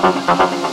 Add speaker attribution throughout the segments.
Speaker 1: Thank you.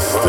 Speaker 1: соответственно.